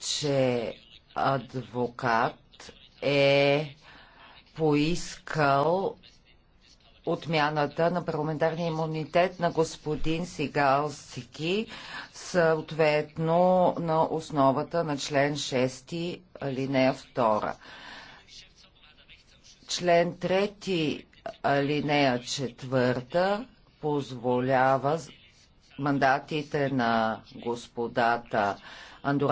че адвокат е поискал отмяната на парламентарния имунитет на господин Сигал Сики, съответно на основата на член 6, алинея 2. Член 3, алинея 4 позволява мандатите на господата Андора